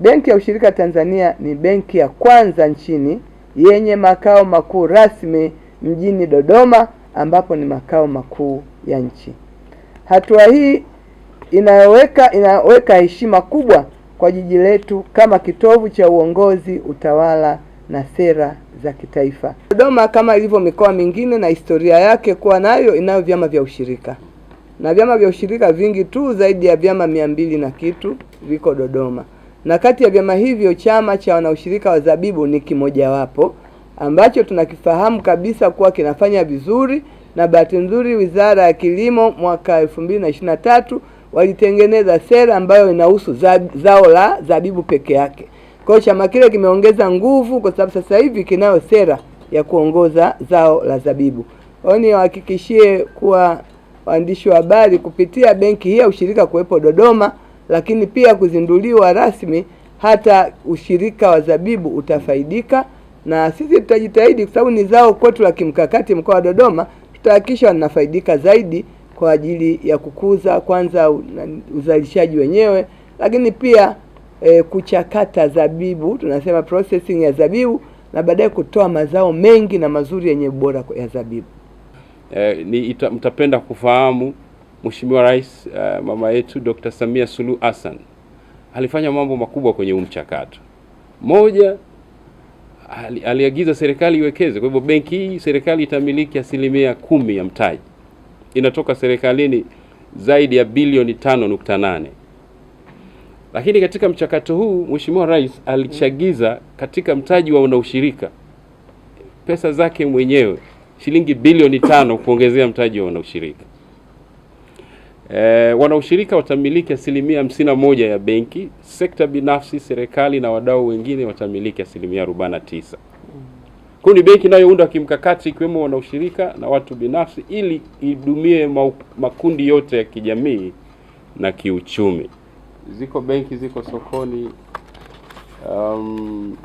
Benki ya Ushirika Tanzania ni benki ya kwanza nchini yenye makao makuu rasmi mjini Dodoma ambapo ni makao makuu ya nchi. Hatua hii inayoweka inaweka heshima kubwa kwa jiji letu kama kitovu cha uongozi, utawala na sera za kitaifa. Dodoma kama ilivyo mikoa mingine na historia yake kuwa nayo, inayo vyama vya ushirika na vyama vya ushirika vingi tu zaidi ya vyama mia mbili na kitu viko Dodoma na kati ya vyama hivyo chama cha wanaushirika wa zabibu ni kimojawapo ambacho tunakifahamu kabisa kuwa kinafanya vizuri, na bahati nzuri Wizara ya Kilimo mwaka tatu walitengeneza sera ambayo inahusu zao la zabibu peke yake. Kwa hiyo chama kile kimeongeza nguvu, kwa sababu sasa hivi kinayo sera ya kuongoza zao la zabibu. Kwa hiyo niwahakikishie kuwa waandishi wa habari, kupitia benki hii ya ushirika kuwepo Dodoma lakini pia kuzinduliwa rasmi, hata ushirika wa zabibu utafaidika, na sisi tutajitahidi kwa sababu ni zao kwetu la kimkakati mkoa wa Dodoma, tutahakikisha wanafaidika zaidi kwa ajili ya kukuza kwanza uzalishaji wenyewe, lakini pia e, kuchakata zabibu, tunasema processing ya zabibu na baadaye kutoa mazao mengi na mazuri yenye ubora ya zabibu. E, ni ita, mtapenda kufahamu Mheshimiwa Rais uh, mama yetu Dr. Samia Suluhu Hassan alifanya mambo makubwa kwenye huu mchakato. Moja, aliagiza serikali iwekeze. Kwa hivyo benki hii serikali itamiliki asilimia kumi ya mtaji, inatoka serikalini zaidi ya bilioni nane. Lakini katika mchakato huu Mheshimiwa Rais alichagiza katika mtaji wa wanaushirika pesa zake mwenyewe shilingi bilioni tano kuongezea mtaji wa wanaushirika. E, eh, wanaushirika watamiliki asilimia hamsini na moja ya benki, sekta binafsi, serikali na wadau wengine watamiliki asilimia arobaini na tisa. Kwa ni benki inayounda kimkakati ikiwemo wanaushirika na watu binafsi ili idumie makundi yote ya kijamii na kiuchumi. Ziko benki ziko sokoni, um,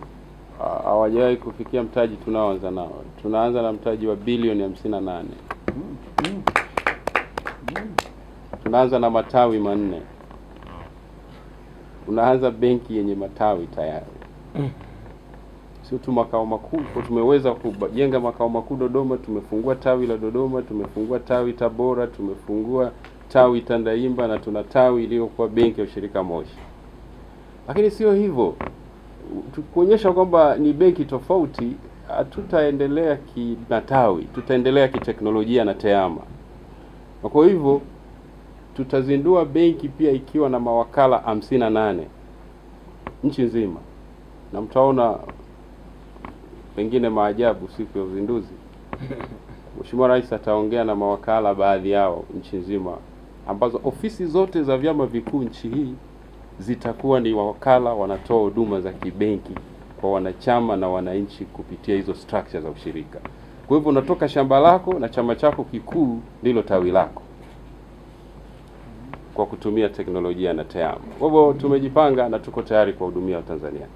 kufikia mtaji tunaoanza nao. Tunaanza na mtaji wa bilioni 58 unaanza na matawi manne, unaanza benki yenye matawi tayari mm. Sio tu makao makuu, kwa tumeweza kujenga makao makuu Dodoma, tumefungua tawi la Dodoma, tumefungua tawi Tabora, tumefungua tawi Tandaimba na tuna tawi iliyokuwa benki ya ushirika Moshi. Lakini sio hivyo, kuonyesha kwamba ni benki tofauti, hatutaendelea tawi tutaendelea kiteknolojia na teama kwa hivyo tutazindua benki pia ikiwa na mawakala hamsini na nane nchi nzima, na mtaona pengine maajabu siku ya uzinduzi. Mheshimiwa Rais ataongea na mawakala baadhi yao nchi nzima, ambazo ofisi zote za vyama vikuu nchi hii zitakuwa ni wakala wanatoa huduma za kibenki kwa wanachama na wananchi kupitia hizo structure za ushirika. Kwa hivyo unatoka shamba lako na chama chako kikuu ndilo tawi lako kwa kutumia teknolojia na TEHAMA. Kwa hivyo tumejipanga na tuko tayari kuwahudumia Watanzania.